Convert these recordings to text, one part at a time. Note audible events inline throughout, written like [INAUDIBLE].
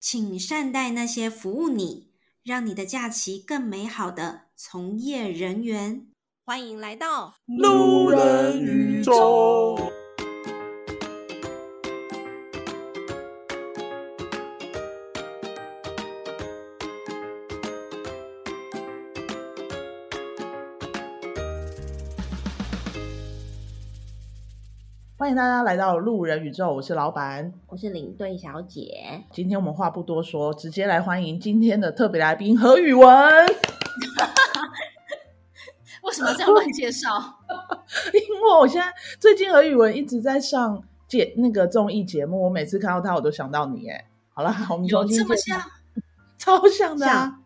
請善待那些服務你，讓你的假期更美好的從業人員。歡迎來到路人宇宙。歡迎大家來到路人宇宙，我是老闆，我是領隊小姐。今天我們話不多說，直接來歡迎今天的特別來賓何宇文。為 [LAUGHS] 什麼這樣亂介紹？因 [LAUGHS] 為我現在最近何宇文一直在上節那個綜藝節目，我每次看到他，我都想到你。哎，好了，我們重新這麼像，超像的，啊、像。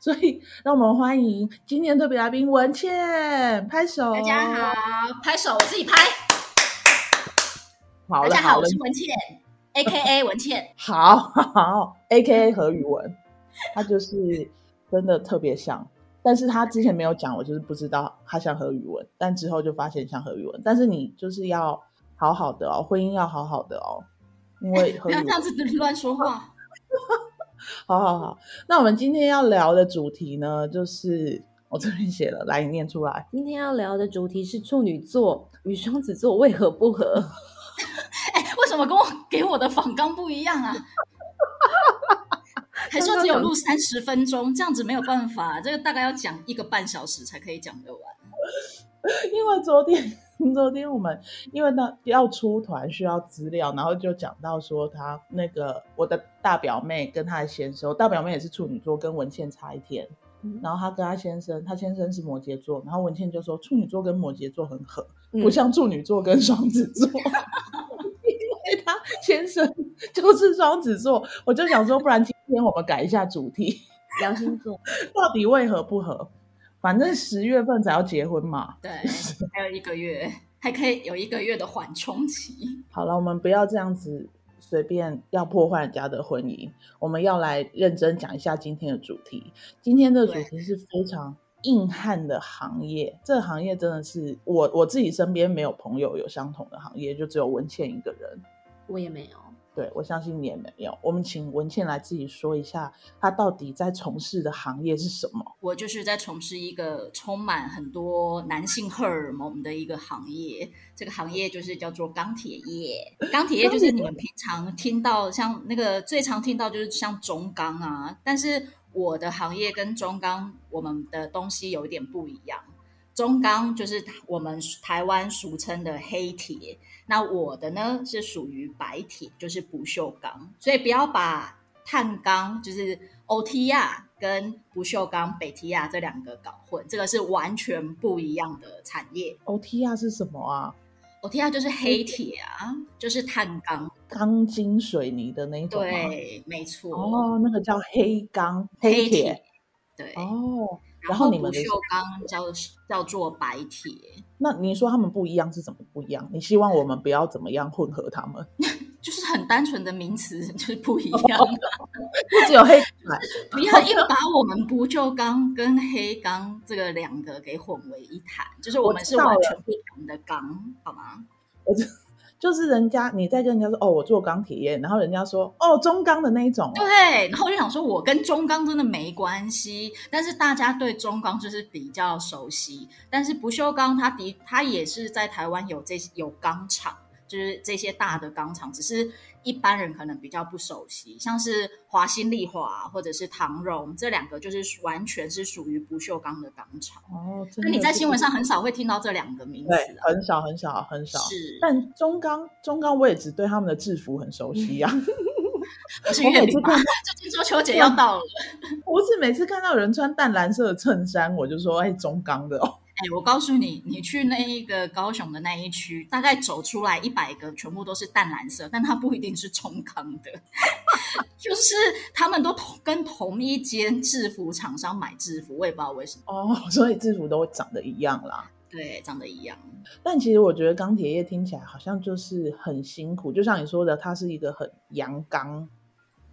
所以讓我們歡迎今天特別來賓文倩，拍手，大家好，拍手，我自己拍。好大家好，好我是文倩、啊、，A K A 文倩，好好，A K A 何語文，他就是真的特別像， [LAUGHS] 但是他之前沒有講，我就是不知道他像何語文，但之後就發現像何語文，但是你就是要好好的哦，婚姻要好好的哦，因為何語文 [LAUGHS] 不要這樣子亂說話， [LAUGHS] 好好好，那我們今天要聊的主題呢，就是我這邊寫了，來你念出來，今天要聊的主題是處女座與雙子座為何不合？怎麼跟我給我的訪綱不一樣啊？ [LAUGHS] 還說只有錄三十分鐘，這樣子沒有辦法、啊，這個大概要講一個半小時才可以講得完 [LAUGHS] 因為昨天，昨天我們因為那要出團需要資料，然後就講到說他那個我的大表妹跟他的先生，大表妹也是處女座，跟文倩差一天。然後她跟她先生，她先生是摩羯座，然後文倩就說處女座跟摩羯座很合，不像處女座跟雙子座。 [LAUGHS] [LAUGHS] 他先生就是雙子座，我就想說，不然今天我們改一下主題，兩星座到底為何不合？反正十月份才要結婚嘛，對，還有一個月， [LAUGHS] 還可以有一個月的緩衝期。好了，我們不要這樣子隨便要破壞人家的婚姻，我們要來認真講一下今天的主題。今天的主題是非常硬漢的行業，這行業真的是我我自己身邊沒有朋友有相同的行業，就只有倩倩一個人。我也沒有，對，我相信你也沒有。我們請文倩來自己說一下，她到底在從事的行業是什麼？我就是在從事一個充滿很多男性荷爾蒙的一個行業，這個行業就是叫做鋼鐵業。鋼鐵業就是你們平常聽到，像那個最常聽到就是像中鋼啊，但是我的行業跟中鋼我們的東西有一點不一樣。中鋼就是我們台灣俗稱的黑鐵，那我的呢是屬於白鐵，就是不鏽鋼。所以不要把碳鋼就是歐提亞跟不鏽鋼北提亞這兩個搞混，這個是完全不一樣的產業。歐提亞是什麼啊？歐提亞就是黑鐵啊黑鐵，就是碳鋼、鋼筋、水泥的那種、啊。對，沒錯。哦，那個叫黑鋼、黑鐵。黑鐵對。哦。然後，不鏽鋼叫叫做白鐵。那你說他們不一樣是怎麼不一樣？你希望我們不要怎麼樣混合他們？ [LAUGHS] 就是很單純的名詞，就是不一樣。不 [LAUGHS] [LAUGHS] 只有黑鐵， [LAUGHS] 不要硬把我們不鏽鋼跟黑鋼這個兩個給混為一談，就是我們是完全不同的鋼，好嗎？我就。 [LAUGHS] 就是人家你在跟人家說哦，我做鋼鐵業，然後人家說哦，中鋼的那一種，哦，對，然後我就想說我跟中鋼真的沒關係，但是大家對中鋼就是比較熟悉，但是不鏽鋼它的它也是在台灣有這些有鋼廠，就是這些大的鋼廠，只是。一般人可能比較不熟悉，像是華新麗華或者是唐榮這兩個，就是完全是屬於不鏽鋼的鋼廠哦。那你在新聞上很少會聽到這兩個名字。啊，很少很少很少。是，但中鋼中鋼我也只對他們的製服很熟悉呀，啊嗯。 [LAUGHS] 我也不知道，中秋節要到了， [LAUGHS] 我是每次看到人穿淡藍色的襯衫，我就說哎，中鋼的哦。哎、欸，我告訴你，你去那一個高雄的那一區，大概走出來一百個，全部都是淡藍色，但它不一定是中鋼的， [LAUGHS] 就是他們都同跟同一間制服廠商買制服，我也不知道為什麼。哦，所以制服都會長得一樣啦。對，長得一樣。但其實我覺得鋼鐵業聽起來好像就是很辛苦，就像你說的，它是一個很陽剛，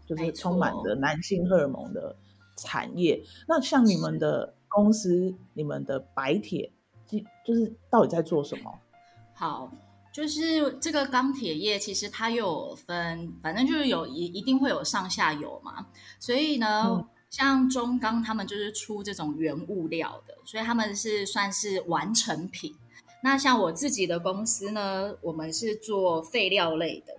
就是充滿著男性荷爾蒙的產業。哦、那像你們的。公司，你們的白鐵，就就是到底在做什麼？好，就是這個鋼鐵業，其實它有分，反正就是有一一定會有上下游嘛。所以呢，嗯，像中鋼他們就是出這種原物料的，所以他們是算是完成品。那像我自己的公司呢，我們是做廢料類的。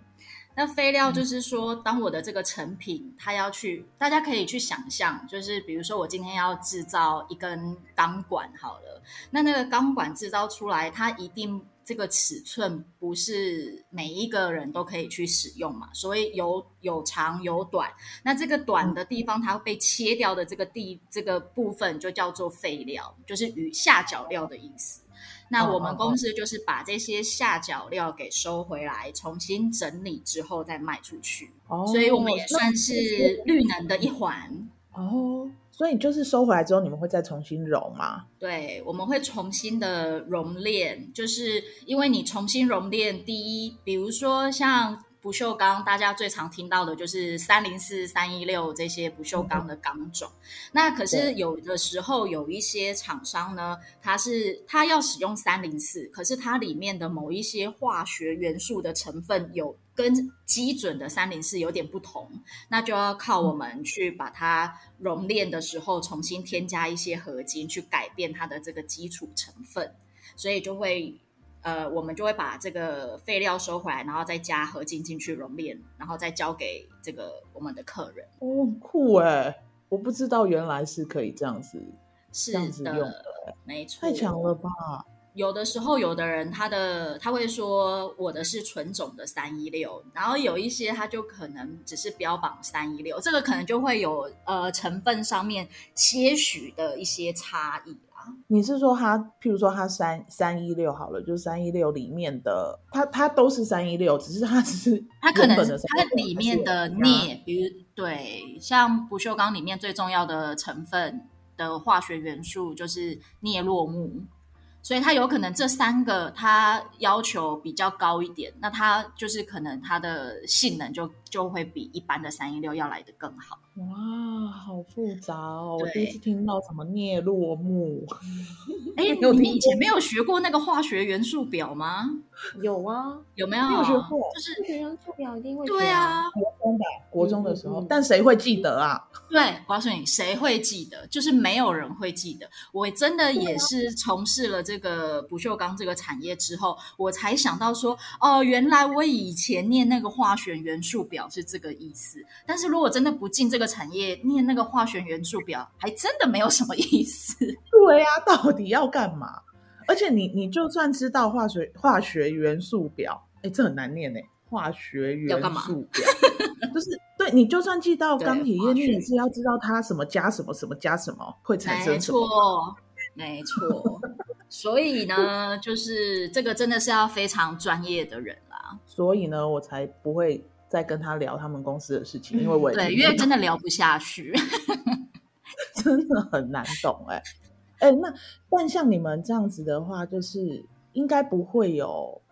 那廢料就是說，當我的這個成品，它要去，大家可以去想象，就是比如說我今天要製造一根鋼管好了，那那個鋼管製造出來，它一定這個尺寸不是每一個人都可以去使用嘛，所以有有長有短，那這個短的地方它被切掉的這個地這個部分就叫做廢料，就是餘下腳料的意思。那我們公司就是把這些下腳料給收回來，重新整理之後再賣出去。哦，所以我們也算是綠能的一環。哦，所以就是收回來之後，你們會再重新熔嗎？對，我們會重新的熔煉，就是因為你重新熔煉，第一，比如說像。不鏽鋼大家最常聽到的就是三零四、三一六這些不鏽鋼的鋼種。那可是有的時候有一些廠商呢，它是它要使用三零四，可是它裡面的某一些化學元素的成分有跟基準的三零四有點不同，那就要靠我們去把它熔煉的時候重新添加一些合金去改變它的這個基礎成分，所以就會。呃，我們就會把這個廢料收回來，然後再加合金進去熔煉，然後再交給這個我們的客人。哦，很酷哎！我不知道原來是可以這樣子，是這樣子用的。是的，沒錯。太強了吧！有的時候，有的人他的他會說我的是純種的316，然後有一些他就可能只是標榜316，這個可能就會有呃成分上面些許的一些差異。你是說它，譬如說它三三一六好了，就是三一六裡面的，它它都是三一六，只是它只是它可能它裡面的鎳，比如，對，像不鏽鋼裡面最重要的成分的化學元素就是鎳、鉻、鉬，所以它有可能這三個它要求比較高一點，那它就是可能它的性能就就會比一般的三一六要來得更好。哇，好複雜哦！我第一次聽到什麼鎳、鉻、鉬。哎、欸， [LAUGHS] 你以前沒有學過那個化學元素表嗎？有啊，有沒有？就是學元素表，對啊，國中吧，國中的時候。嗯嗯嗯。但誰會記得啊？對，我告訴你，誰會記得？就是沒有人會記得。我真的也是從事了這個不鏽鋼這個產業之後，我才想到說，哦，原來我以前念那個化學元素表是這個意思。但是如果真的不進這個產業，念那個化學元素表，還真的沒有什麼意思。對啊，到底要幹嘛？而且你你就算知道化學化學元素表，哎、欸，這很難念哎。化學元素表 [LAUGHS] 就是對，你就算記到鋼鐵業，你也是要知道它什麼加什麼，什麼加什麼，加什麼會產生，沒錯，沒錯。 [LAUGHS] 所以呢，就是這個真的是要非常專業的人啦。 [LAUGHS] 所以呢，我才不會再跟他聊他們公司的事情，嗯、因為我對，因為真的聊不下去， [LAUGHS] 真的很難懂哎。哎，那但像你們這樣子的話，就是應該不會有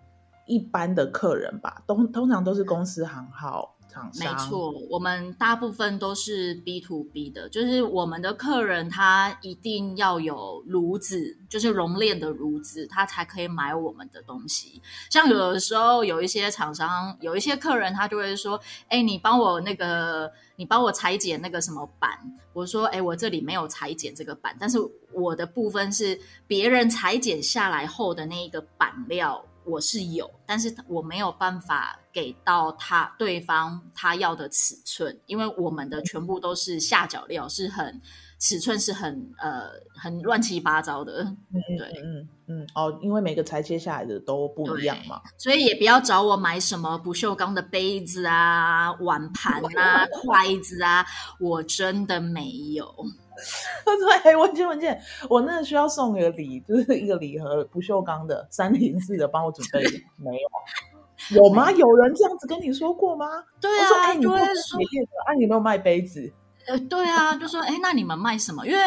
一般的客人吧？通通常都是公司行號。沒錯，我們大部分都是 B to B 的，就是我們的客人他一定要有爐子，就是熔煉的爐子，他才可以買我們的東西。像有的時候有一些廠商，有一些客人他就會說：“哎，你幫我那個，你幫我裁剪那個什麼板。”我說：“哎，我這裡沒有裁剪這個板，但是我的部分是別人裁剪下來後的那一個板料。”我是有，但是我沒有辦法給到他，對方他要的尺寸，因為我們的全部都是下腳料、嗯，是很尺寸是很呃很亂七八糟的，對，嗯嗯、嗯哦，因為每個裁切下來的都不一樣嘛，所以也不要找我買什麼不鏽鋼的杯子啊、碗盤啊、 [LAUGHS] 筷子啊，我真的沒有。對、 [LAUGHS] 欸、文件文件，我那個需要送一個禮，就是一個禮盒不，不鏽鋼的三零四的，幫我準備沒有？有嗎？有人這樣子跟你說過嗎？對啊，哎、欸，你做實業的，哎、欸啊，你沒有賣杯子？呃，對啊，就說，哎，那你們賣什麼？因為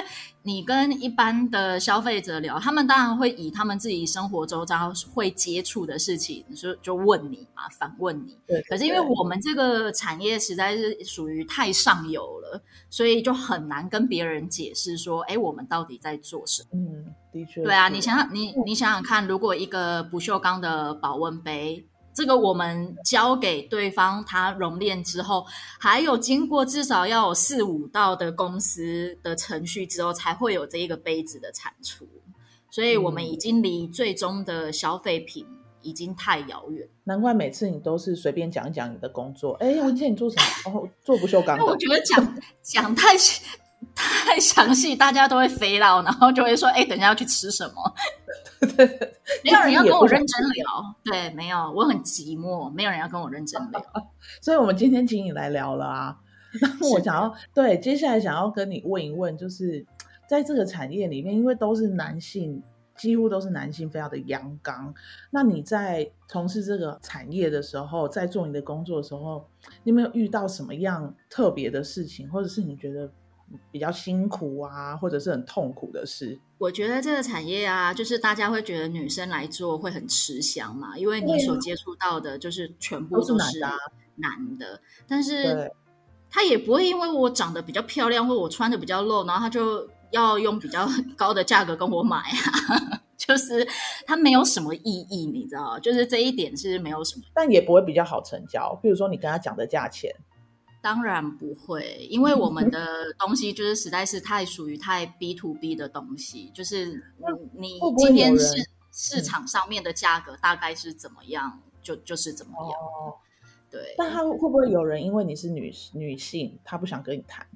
你跟一般的消費者聊，他們當然會以他們自己生活周遭會接觸的事情，就就問你嘛，反問你。對，對，對。可是因為我們這個產業實在是屬於太上游了，所以就很難跟別人解釋說，哎，我們到底在做什麼。嗯，的確。對啊，對你想想，你、嗯、你想想看，如果一個不鏽鋼的保溫杯。這個我們交給對方，它熔煉之後，還有經過至少要有四五道的公司的程序之後，才會有這一個杯子的產出。所以，我們已經離最終的消費品已經太遙遠。嗯。難怪每次你都是隨便講一講你的工作。哎，我記得你做什麼？ [LAUGHS] 哦，做不鏽鋼的。我覺得講 [LAUGHS] 講太。太詳細，大家都會飛到，然後就會說：“哎、欸，等一下要去吃什麼？” [LAUGHS] [LAUGHS] 對,對,對,對沒、嗯，沒有人要跟我認真聊。對，沒有，我很寂寞，沒有人要跟我認真聊。所以，我們今天請你來聊了啊。那麼，我想要，對，接下來想要跟你問一問，就是在這個產業裡面，因為都是男性，幾乎都是男性，非常的陽剛。那你在從事這個產業的時候，在做你的工作的時候，你有沒有遇到什麼樣特別的事情，或者是你覺得？比較辛苦啊，或者是很痛苦的事。我覺得這個產業啊，就是大家會覺得女生來做會很吃香嘛，因為你所接觸到的，就是全部都是男的。啊、男的，但是他也不會因為我長得比較漂亮，或我穿的比較露，然後他就要用比較高的價格跟我買啊。 [LAUGHS] 就是他沒有什麼意義，你知道，就是這一點是沒有什麼，但也不會比較好成交。譬如說你跟他講的價錢。當然不會，因為我們的東西就是實在是太屬於太 B to B 的東西，就是你今天市市場上面的價格大概是怎麼樣，嗯、就就是怎麼樣、哦。對，但他會不會有人因為你是女女性，他不想跟你談，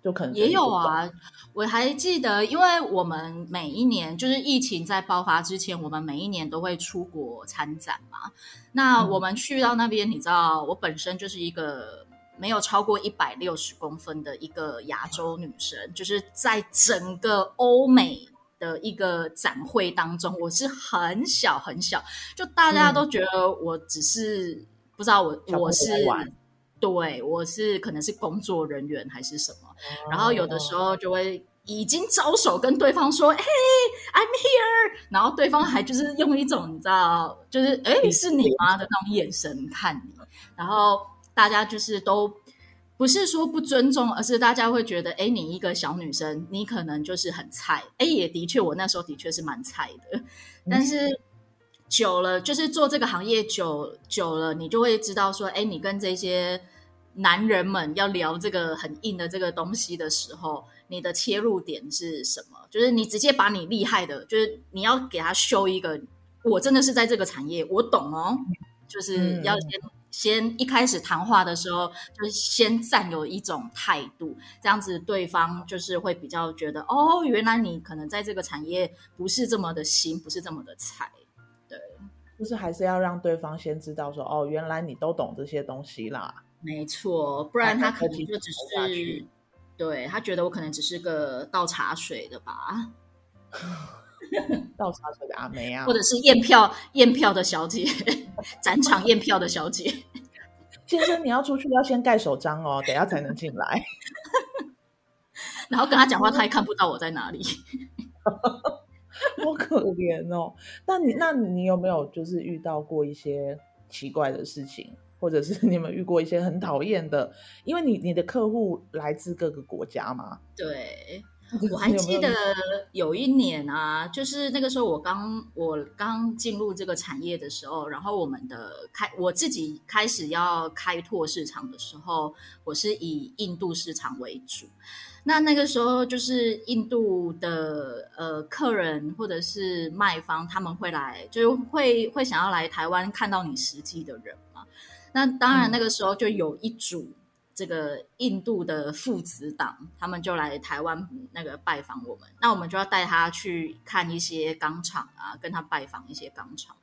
就可能也有啊。我還記得，因為我們每一年就是疫情在爆發之前，我們每一年都會出國參展嘛。那我們去到那邊，你知道，我本身就是一個。沒有超過一百六十公分的一個亞洲女生，就是在整個歐美的一個展會當中，我是很小很小，就大家都覺得我只是、嗯、不知道我我是對，我是可能是工作人員還是什麼、哦，然後有的時候就會已經招手跟對方說、哦、：“Hey, I'm here。”然後對方還就是用一種你知道，就是“哎，是你嗎”的那種眼神看你，然後。大家就是都不是說不尊重，而是大家會覺得，哎、欸，你一個小女生，你可能就是很菜。哎、欸，也的確，我那時候的確是蠻菜的、嗯。但是久了，就是做這個行業久久了，你就會知道說，哎、欸，你跟這些男人們要聊這個很硬的這個東西的時候，你的切入點是什麼？就是你直接把你厲害的，就是你要給他秀一個，我真的是在這個產業，我懂哦，就是要先嗯嗯。先一開始談話的時候，就是、先占有一種態度，這樣子對方就是會比較覺得哦，原來你可能在這個產業不是這麼的新，不是這麼的菜，對，就是還是要讓對方先知道說哦，原來你都懂這些東西啦。沒錯，不然他可能就只是、啊、他對他覺得我可能只是個倒茶水的吧。 [LAUGHS] 倒茶水的阿梅啊，或者是驗票驗 [LAUGHS] 票的小姐， [LAUGHS] 展場驗票的小姐， [LAUGHS] 先生你要出去要先蓋手章哦，等下才能進來。 [LAUGHS] [LAUGHS] 然後跟他講話， [LAUGHS] 他也看不到我在哪裡。多 [LAUGHS] [LAUGHS] 可憐哦！那你那你有沒有就是遇到過一些奇怪的事情，或者是你們遇過一些很討厭的？因為你你的客戶來自各個國家嘛，對。 [LAUGHS] 我還記得有一年啊，就是那個時候我剛我剛進入這個產業的時候，然後我們的開我自己開始要開拓市場的時候，我是以印度市場為主。那那個時候就是印度的呃客人或者是賣方，他們會來就是會會想要來台灣看到你實際的人嘛？那當然那個時候就有一組。這個印度的父子檔，他們就來台灣那個拜訪我們，那我們就要帶他去看一些鋼廠啊，跟他拜訪一些鋼廠。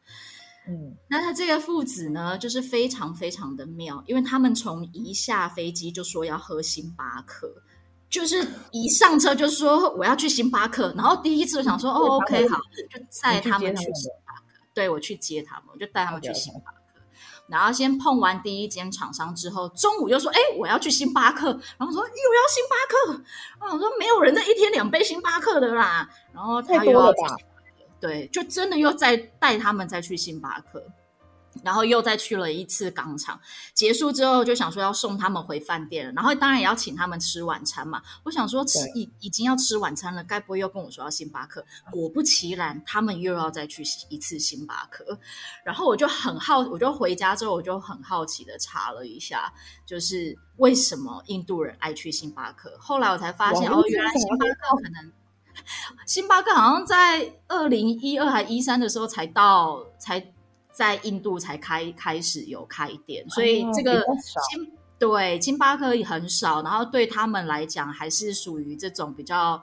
嗯，那他這個父子呢，就是非常非常的妙，因為他們從一下飛機就說要喝星巴克，就是一上車就說我要去星巴克，嗯、然後第一次我想說、嗯、哦，OK，好，就帶他們去星巴克，對，我去接他們，我就帶他們去星巴克。 [LAUGHS] 然後先碰完第一間廠商之後，中午又說：“哎、欸，我要去星巴克。”然後說：“又要星巴克。”啊，我說：“沒有人的一天兩杯星巴克的啦。”然後他又要，講、啊、對，就真的又再帶他們再去星巴克。然後又再去了一次鋼廠，結束之後就想說要送他們回飯店，然後當然也要請他們吃晚餐嘛。我想說吃已已經要吃晚餐了，該不會又跟我說要星巴克？果不其然，他們又要再去一次星巴克。然後我就很好，我就回家之後我就很好奇的查了一下，就是為什麼印度人愛去星巴克。後來我才發現哦，原來星巴克可能，啊、星巴克好像在二零一二還一三的時候才到才。在印度才開開始有開店，嗯、所以這個對星巴克也很少，然後對他們來講還是屬於這種比較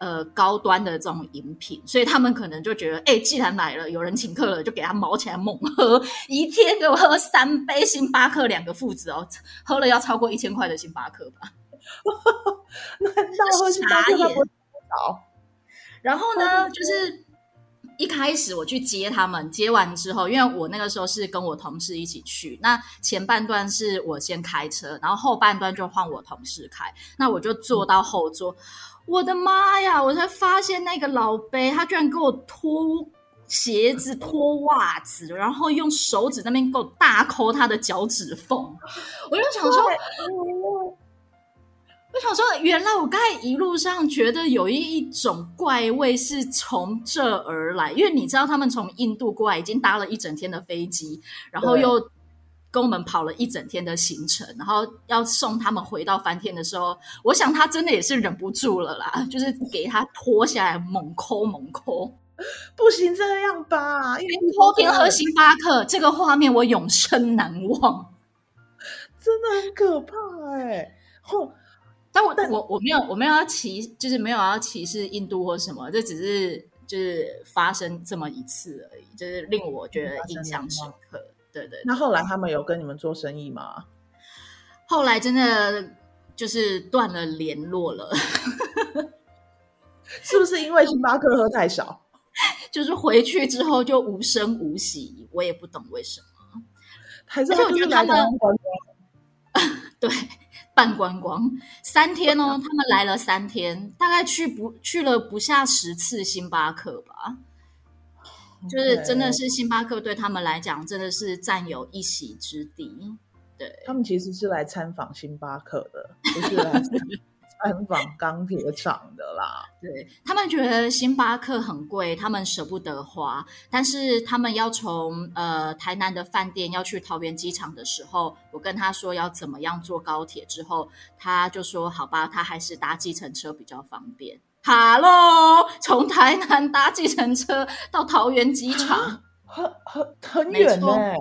呃高端的這種飲品，所以他們可能就覺得，哎、欸，既然來了，有人請客了，就給他毛起來猛喝，一天給我喝三杯星巴克兩個父子哦，喝了要超過一千塊的星巴克吧？ [LAUGHS] 難道茶好然後呢，就是。一開始我去接他們，接完之後，因為我那個時候是跟我同事一起去，那前半段是我先開車，然後後半段就換我同事開，那我就坐到後座。嗯、我的媽呀！我才發現那個老杯他居然給我脫鞋子、脫襪子，然後用手指那邊給我大摳他的腳趾縫，我就想說。 [LAUGHS] 我想說，原來我剛才一路上覺得有一一種怪味是從這而來，因為你知道他們從印度過來已經搭了一整天的飛機，然後又跟我們跑了一整天的行程，然後要送他們回到梵天的時候，我想他真的也是忍不住了啦，就是給他脫下來猛摳猛摳，不行這樣吧，因為脫天和星巴克這個畫面、這個、面我永生難忘，真的很可怕哎、欸，嚯！但、啊、我我，我沒有我沒有要歧就是沒有要歧視印度或什麼，這只是就是發生這麼一次而已，就是令我覺得印象深刻。嗯嗯嗯、對，對對。那後來他們有跟你們做生意嗎？後來真的就是斷了聯絡了，嗯、 [LAUGHS] 是不是因為星巴克喝太少？就，就是回去之後就無聲無息，我也不懂為什麼。還是，還就是，他是覺得他們、嗯、對。半觀光三天哦，他們來了三天，大概去不去了不下十次星巴克吧，Okay. 就是真的是星巴克對他們來講真的是占有一席之地。對，他們其實是來參訪星巴克的，不是來。 [LAUGHS] 拜訪鋼鐵廠的啦，對他們覺得星巴克很貴，他們舍不得花。但是他們要從呃台南的飯店要去桃園機場的時候，我跟他說要怎麼樣坐高鐵，之後他就說好吧，他還是搭計程車比較方便。哈嘍，從台南搭計程車到桃園機場，很很很遠呢，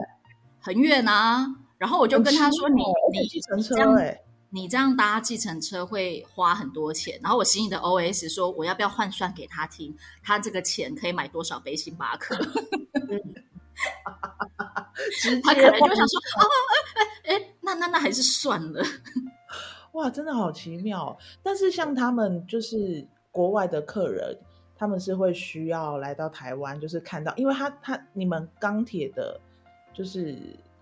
很遠啊。然後我就跟他說，你你計程車哎、欸。你這樣搭計程車會花很多錢，然後我心裡的 OS 說，我要不要換算給他聽，他這個錢可以買多少杯星巴克？ [LAUGHS] [LAUGHS] 直接他可能就想說，哦，哎、欸、哎、欸，那那那還是算了。 [LAUGHS] 哇，真的好奇妙。但是像他們就是國外的客人，他們是會需要來到台灣，就是看到，因為他他你們鋼鐵的，就是。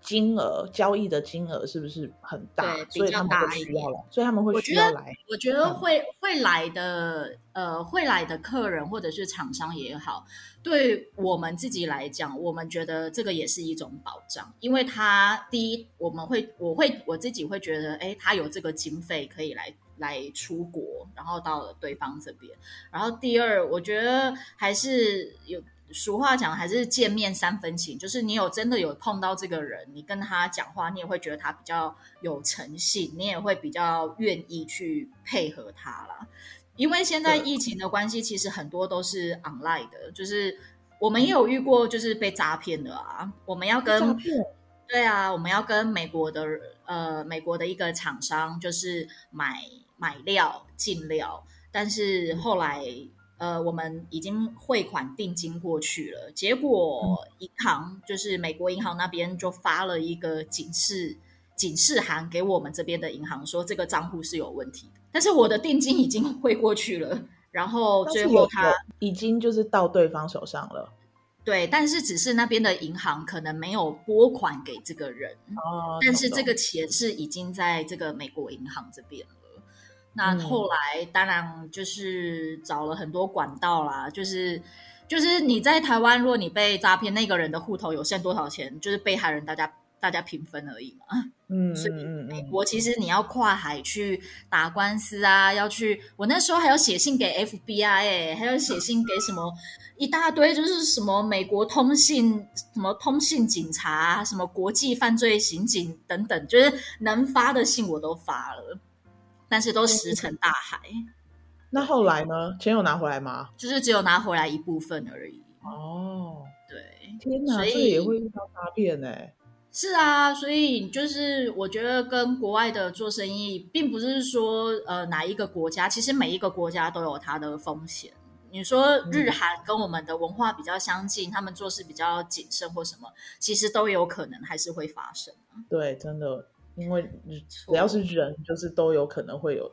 金額交易的金額是不是很大？對，比較大。所以他們會需要來，所以他們會需要來。我覺得，我覺得會會來的，嗯，呃，會來的客人或者是廠商也好，對我們自己來講，我們覺得這個也是一種保障，因為他第一，我們會我會我自己會覺得，哎，他有這個經費可以來來出國，然後到了對方這邊。然後第二，我覺得還是有。俗話講，還是見面三分情。就是你有真的有碰到這個人，你跟他講話，你也會覺得他比較有誠信，你也會比較願意去配合他啦。因為現在疫情的關係，其實很多都是 online 的。就是我們也有遇過，就是被詐騙的啊。我們要跟對啊，我們要跟美國的呃，美國的一個廠商就是買買料進料，但是後來。呃，我們已經匯款定金過去了，結果銀行就是美國銀行那邊就發了一個警示警示函給我們這邊的銀行，說這個賬戶是有問題的。但是我的定金已經匯過去了，然後最後他已經就是到對方手上了。對，但是只是那邊的銀行可能沒有撥款給這個人哦，懂懂，但是這個錢是已經在這個美國銀行這邊了。那後來當然就是找了很多管道啦，嗯、就是就是你在台灣，如果你被詐騙，那個人的戶頭有剩多少錢，就是被害人大家大家平分而已嘛。嗯，所以美國其實你要跨海去打官司啊，要去我那時候還要寫信給 FBI，哎，還要寫信給什麼、嗯、一大堆，就是什麼美國通信什麼通信警察，什麼國際犯罪刑警等等，就是能發的信我都發了。但是都石沉大海，嗯。那後來呢？錢有拿回來嗎？就是只有拿回來一部分而已。哦，對。天哪，所以，所以也會遇到大騙呢。是啊，所以就是我覺得跟國外的做生意，並不是說呃哪一個國家，其實每一個國家都有它的風險。你說日韓跟我們的文化比較相近，他、嗯、們做事比較謹慎或什麼，其實都有可能還是會發生。對，真的。因為只要是人，就是都有可能會有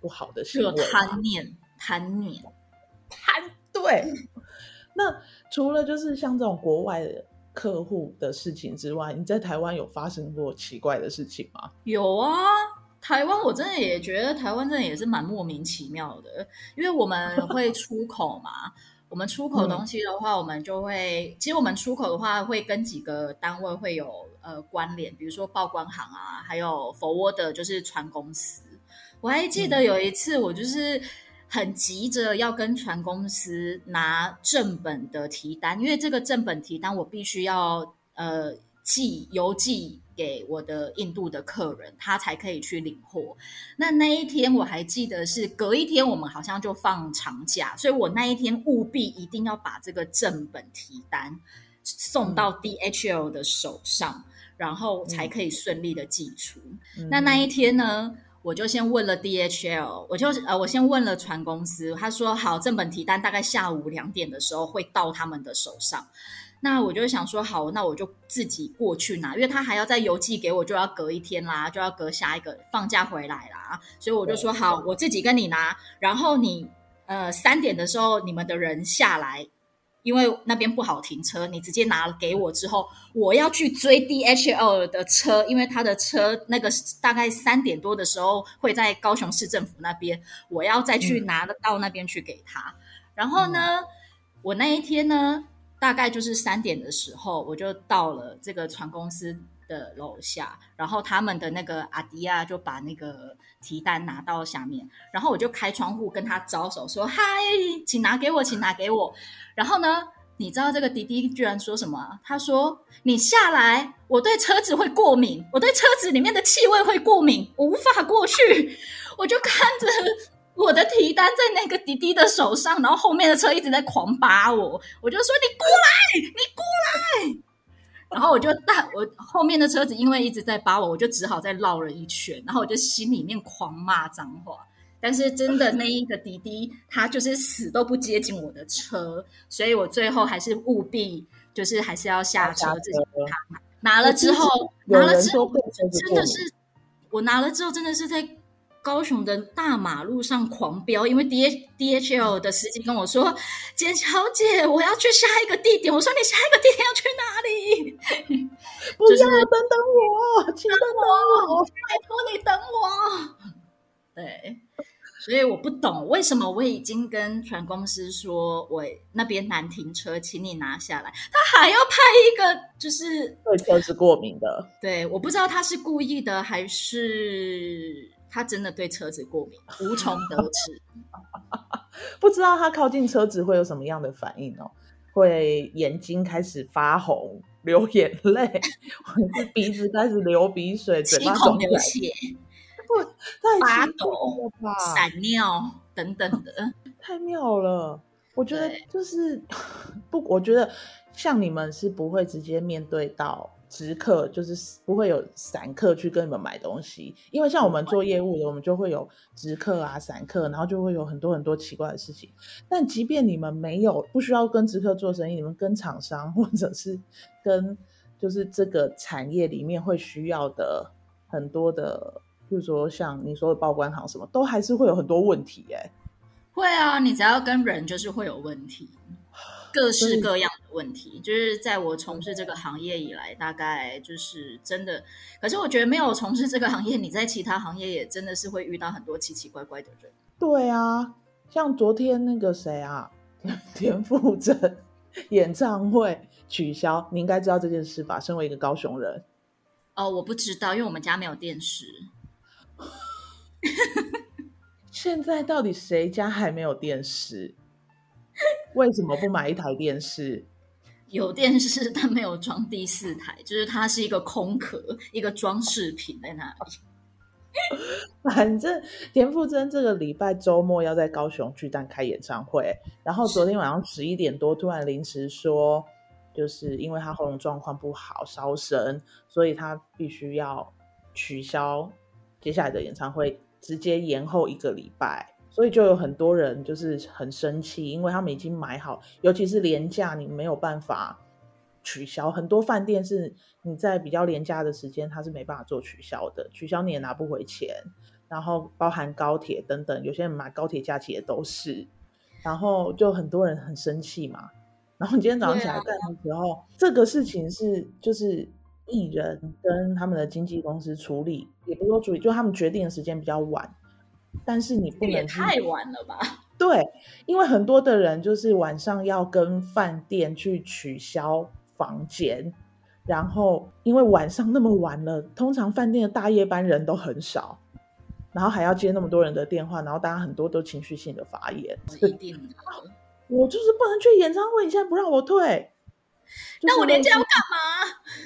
不好的行為嘛。就有貪念，貪念，貪，對。 [LAUGHS] 那除了就是像這種國外的客戶的事情之外，你在台灣有發生過奇怪的事情嗎？有啊，台灣我真的也覺得台灣真的也是蠻莫名其妙的，因為我們會出口嘛， [LAUGHS] 我們出口的東西的話，我們就會、嗯，其實我們出口的話會跟幾個單位會有。呃，關聯，比如說報關行啊，還有 forwarder，就是船公司。我還記得有一次，我就是很急着要跟船公司拿正本的提單，因為這個正本提單我必須要呃寄郵寄給我的印度的客人，他才可以去領貨。那那一天我還記得是隔一天，我們好像就放長假，所以我那一天務必一定要把這個正本提單送到 DHL 的手上。嗯然後才可以順利的寄出。嗯，那那一天呢，我就先問了 DHL，我就呃，我先問了船公司，他說好，正本提單大概下午兩點的時候會到他們的手上。那我就想說好，那我就自己過去拿，因為他還要再郵寄給我，就要隔一天啦，就要隔下一個放假回來啦。所以我就說，哦，好，我自己跟你拿，然後你呃三點的時候你們的人下來。因為那邊不好停車，你直接拿給我之後，我要去追 DHL 的車，因為他的車那個大概三點多的時候會在高雄市政府那邊，我要再去拿到那邊去給他。嗯。然後呢，我那一天呢，大概就是三點的時候，我就到了這個船公司，的樓下，然後他們的那個阿迪亞、啊、就把那個提單拿到下面，然後我就開窗戶跟他招手說：“嗨，請拿給我，請拿給我。”然後呢，你知道這個迪迪居然說什麼？他說：“你下來，我對車子會過敏，我對車子裡面的氣味會過敏，無法過去。”我就看着我的提單在那個迪迪的手上，然後後面的車一直在狂扒我，我就說：“你過來，你過來。”然後我就大，但我後面的車子因為一直在扒我，我就只好再繞了一圈。然後我就心裡面狂罵髒話，但是真的那一個滴滴，他就是死都不接近我的車，所以我最後還是務必就是還是要下車自己拿。拿了之後，拿了之後，真的是我拿了之後真的是在。高雄的大馬路上狂飆，因為 DH、DHL 的司機跟我說：“簡小姐，我要去下一個地點。”我說：“你下一個地點要去哪裡？”不是要等等、就是，等等我，等我，我拜托你等我。對，所以我不懂為什麼我已經跟船公司說我那邊難停車，請你拿下來，他還要派一個就是對車是過敏的。對，我不知道他是故意的還是。他真的對車子過敏，無從得知。 [LAUGHS] 不知道他靠近車子會有什麼樣的反應哦？會眼睛開始發紅、流眼淚， [LAUGHS] 鼻子開始流鼻水、鼻孔流血，不，太抖了吧？閃尿等等的，太妙了！我覺得就是不過， [LAUGHS] 我覺得。像你們是不會直接面對到直客，就是不會有散客去跟你們買東西，因為像我們做業務的，我們就會有直客啊、散客，然後就會有很多很多奇怪的事情。但即便你們沒有，不需要跟直客做生意，你們跟廠商或者是跟就是這個產業裡面會需要的很多的，比如說像你說的報關行什麼，都還是會有很多問題、欸。哎，會啊，你只要跟人就是會有問題，各式各樣。問題就是在我從事這個行業以來，大概就是真的。可是我覺得沒有從事這個行業，你在其他行業也真的是會遇到很多奇奇怪怪的人。對啊，像昨天那個誰啊，田馥甄演唱會取消， [LAUGHS] 你應該知道這件事吧？身為一個高雄人。哦，我不知道，因為我們家沒有電視。 [LAUGHS] 現在到底誰家還沒有電視？為什麼不買一台電視？有電視，但沒有裝第四台，就是它是一個空殼，一個裝飾品在那裡。啊、反正田馥甄這個禮拜周末要在高雄巨蛋開演唱會，然後昨天晚上十一點多突然臨時說，就是因為他喉嚨狀況不好，燒聲，所以他必須要取消接下來的演唱會，直接延後一個禮拜。所以就有很多人就是很生氣，因為他們已經買好，尤其是廉價，你沒有辦法取消。很多飯店是你在比較廉價的時間，他是沒辦法做取消的，取消你也拿不回錢。然後包含高鐵等等，有些人買高鐵假期也都是。然後就很多人很生氣嘛。然後你今天早上起來幹的時候，啊、這個事情是就是藝人跟他們的經紀公司處理，也不說處理，就他們決定的時間比較晚。但是你不能也太晚了吧？對，因為很多的人就是晚上要跟飯店去取消房間，然後因為晚上那麼晚了，通常飯店的大夜班人都很少，然後還要接那麼多人的電話，然後大家很多都情緒性的發言，我就是不能去演唱會，你現在不讓我退。就是、那我連這要幹嘛？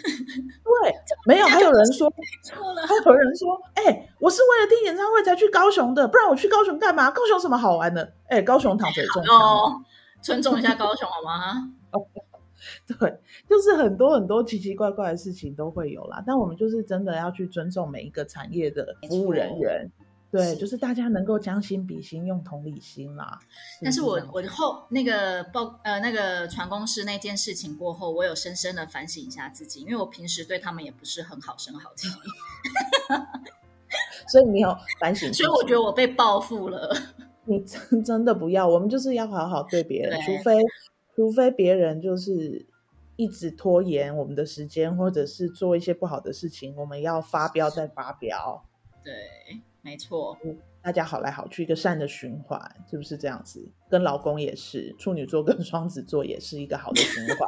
對， [LAUGHS] 沒有，還有人說，還有人說，哎、欸，我是為了聽演唱會才去高雄的，不然我去高雄幹嘛？高雄有什麼好玩的？哎、欸，高雄躺平中。哎、哦，尊重一下高雄 [LAUGHS] 好嗎？Okay. 對，就是很多很多奇奇怪怪的事情都會有啦。但我們就是真的要去尊重每一個產業的服務人員。對，就是大家能夠將心比心，用同理心嘛。是但是我我後那個報呃那個船公司那件事情過後，我有深深的反省一下自己，因為我平時對他們也不是很好聲好氣， [LAUGHS] 所以你有反省。所以我覺得我被報復了。你真真的不要，我們就是要好好對別人，除非除非別人就是一直拖延我們的時間，或者是做一些不好的事情，我們要發飆再發飆。對。沒錯，大家好來好去，一個善的循環，是不是這樣子？跟老公也是，處女座跟雙子座也是一個好的循環。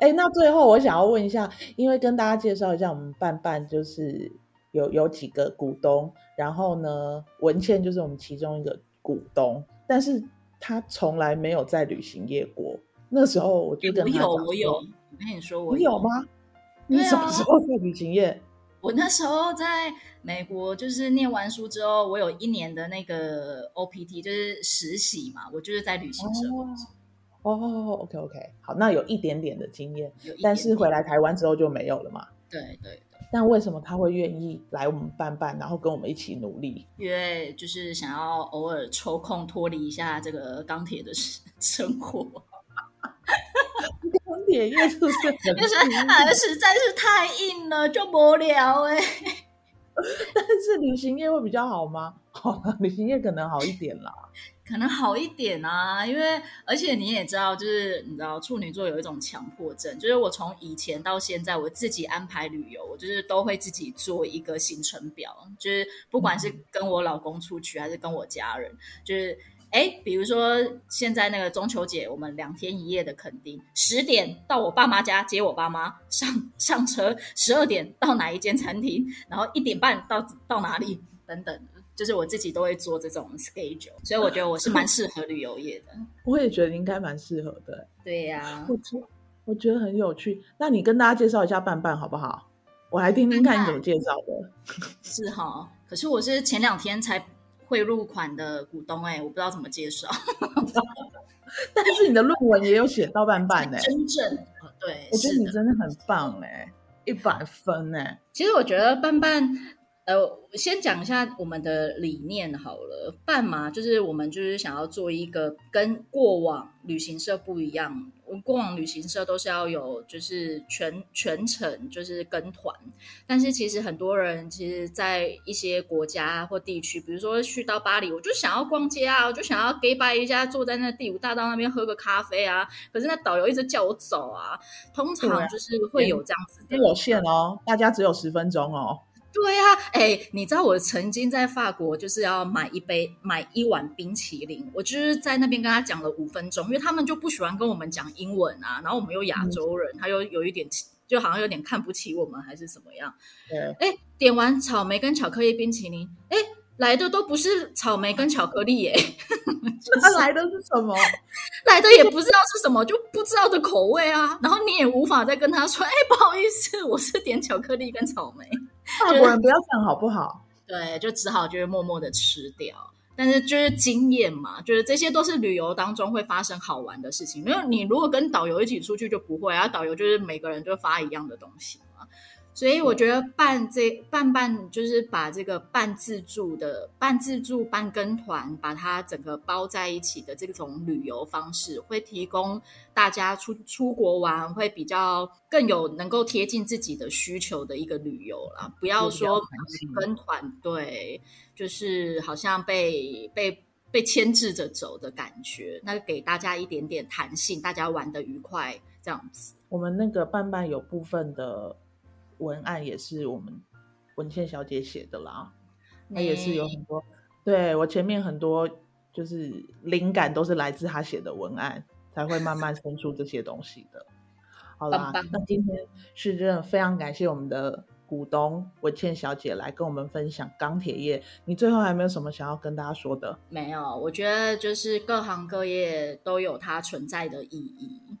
哎、 [LAUGHS] 欸，那最後我想要問一下，因為跟大家介紹一下，我們伴伴就是有有幾個股東，然後呢，文倩就是我們其中一個股東，但是她從來沒有在旅行業過。那時候我就覺得、欸，我有，我有，我跟你說，我有,你有嗎、啊？你什麼時候在旅行業？我那時候在美國，就是念完書之後，我有一年的那個 OPT，就是實習嘛，我就是在旅行社工作。哦，OK，OK，好，那有一點點的經驗。有一點點，但是回來台灣之後就沒有了嘛。對對，對。但為什麼他會願意來我們辦辦，然後跟我們一起努力？因為就是想要偶爾抽空脫離一下這個鋼鐵的生活。 [LAUGHS] 鐵 [LAUGHS] [LAUGHS] 是，就、啊、是實在是太硬了，就無聊哎、欸。 [LAUGHS] 但是旅行業會比較好嗎？好，旅行業可能好一點啦，可能好一點啊。因為而且你也知道，就是你知道處女座有一種強迫症，就是我從以前到現在，我自己安排旅遊，我就是都會自己做一個行程表，就是不管是跟我老公出去、嗯、還是跟我家人，就是。哎，比如說現在那個中秋節，我們兩天一夜的墾丁十點到我爸媽家接我爸媽上上車，十二點到哪一間餐廳，然後一點半到到哪裡等等，就是我自己都會做這種 schedule，所以我覺得我是蠻適合旅遊業的。我也覺得應該蠻適合的。對呀、啊，我覺我覺得很有趣。那你跟大家介紹一下倩倩好不好？我來聽聽看你怎麼介紹的。是哈、哦，可是我是前兩天才。會入款的股東哎、欸，我不知道怎麼介紹， [LAUGHS] 但是你的論文也有寫到，半半哎，真正對，我覺得你真的很棒哎、欸，一百分哎、欸，其實我覺得半半。呃，我先講一下我們的理念好了。半馬就是我們就是想要做一個跟過往旅行社不一樣。過往旅行社都是要有就是全全程就是跟團，但是其實很多人其實，在一些國家或地區，比如說去到巴黎，我就想要逛街啊，我就想要 g e by 一下，坐在那第五大道那邊喝個咖啡啊。可是那導遊一直叫我走啊。通常就是會有這樣子的。時間、嗯、有限哦，大家只有十分鐘哦。對呀、啊，哎，你知道我曾經在法國就是要買一杯買一碗冰淇淋，我就是在那邊跟他講了五分鐘，因為他們就不喜歡跟我們講英文啊，然後我們又亞洲人，嗯、他又有一點就好像有點看不起我們還是怎麼樣？哎，點完草莓跟巧克力冰淇淋，哎，來的都不是草莓跟巧克力耶、欸，他來的是什麼？ [LAUGHS] 來的也不知道是什麼，就不知道的口味啊，然後你也無法再跟他說，哎，不好意思，我是點巧克力跟草莓。泰、就是、國人不要這樣好不好，就是？對，就只好就是默默的吃掉。但是就是經驗嘛，就是這些都是旅遊當中會發生好玩的事情。沒有你，如果跟導遊一起出去就不會啊。導遊就是每個人就發一樣的東西。所以我覺得半這、半、半就是把這個半自助的半自助、半跟團，把它整個包在一起的這種旅遊方式，會提供大家出出國玩會比較更有能夠貼近自己的需求的一個旅遊啦。不要說跟團隊，就是好像被被被牽制着走的感覺。那給大家一點點彈性，大家玩得愉快這樣子。我們那個半半有部分的。文案也是我們文倩小姐寫的啦，那、欸、也是有很多對我前面很多就是靈感都是來自她寫的文案，才會慢慢生出這些東西的。好啦棒棒，那今天是真的非常感謝我們的股東文倩小姐來跟我們分享鋼鐵業，你最後還沒有什麼想要跟大家說的？沒有，我覺得就是各行各業都有它存在的意義。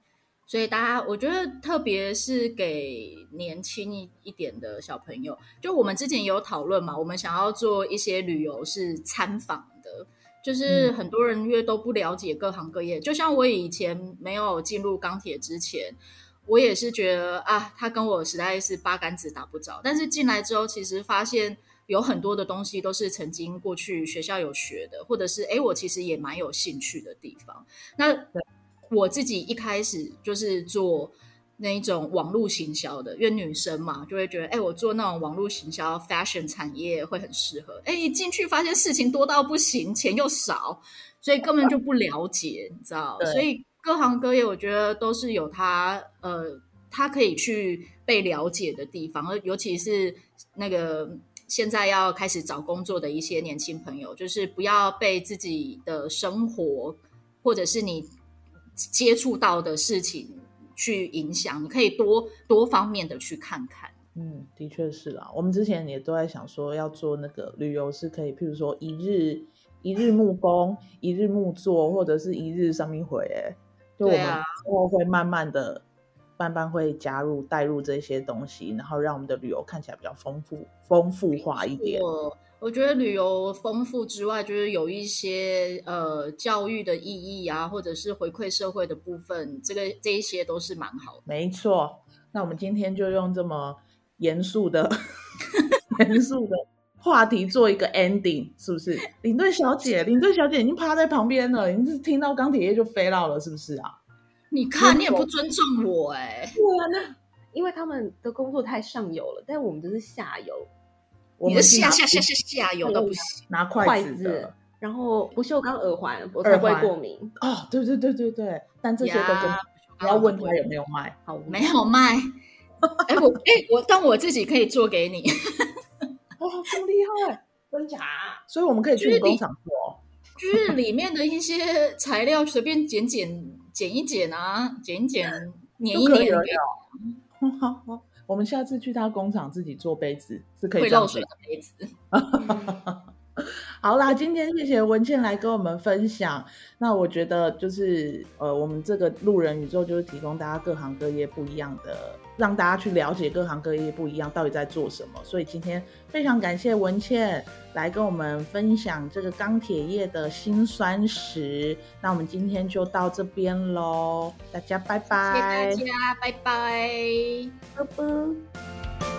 所以大家，我覺得特別是給年輕一一點的小朋友，就我們之前也有討論嘛，我們想要做一些旅遊是參訪的，就是很多人因為都不了解各行各業。就像我以前沒有進入鋼鐵之前，我也是覺得啊，他跟我實在是八竿子打不着。但是進來之後，其實發現有很多的東西都是曾經過去學校有學的，或者是誒，我其實也蠻有興趣的地方。那。我自己一開始就是做那一種網絡行銷的，因為女生嘛，就會覺得，哎，我做那種網絡行銷，fashion 產業會很適合。哎，一進去發現事情多到不行，錢又少，所以根本就不了解，你知道？所以各行各業，我覺得都是有它，呃，它可以去被了解的地方，而尤其是那個現在要開始找工作的一些年輕朋友，就是不要被自己的生活或者是你。接觸到的事情去影響，你可以多多方面的去看看。嗯，的確是啦。我們之前也都在想說要做那個旅遊是可以，譬如說一日一日木工、一日木 [LAUGHS] 作或者是一日上面回、欸，哎，就我們會慢慢的、啊、慢慢會加入帶入這些東西，然後讓我們的旅遊看起來比較豐富、豐富化一點。我覺得旅遊豐富之外，就是有一些呃教育的意義啊，或者是回饋社會的部分，這個這一些都是蠻好的。沒錯，那我們今天就用這麼嚴肅的 [LAUGHS] 嚴肅的話題做一個 ending，是不是？領 [LAUGHS] 隊小姐，領 [LAUGHS] 隊小姐已經趴在旁邊了，已經是聽到鋼鐵業就飛到了，是不是啊？你看，你也不尊重我哎！我呢，因為他們的工作太上游了，但我們都是下游。我們下下下下下游的，拿筷子的，然後不鏽鋼耳環，不會過敏。哦，對對對對對，但這些東西不要問他有沒有賣，沒有賣。 [LAUGHS] 哎我哎我，但我自己可以做給你。哇、 [LAUGHS] 哦，這麼厲害，真假、啊？所以我們可以去工廠做，就是裡,、就是、裡面的一些材料隨便剪剪剪一剪啊，剪一剪，粘一粘就可以了、哦。 [LAUGHS] 我們下次去他工廠自己做杯子是可以。做水的杯子。 [LAUGHS] 好啦，今天謝謝文倩來跟我們分享。那我覺得就是呃，我們這個路人宇宙就是提供大家各行各業不一樣的。讓大家去了解各行各業，業不一樣到底在做什麼，所以今天非常感謝倩倩來跟我們分享這個鋼鐵業的辛酸史。那我們今天就到這邊嘍，大家拜拜！謝謝大家拜拜，拜拜。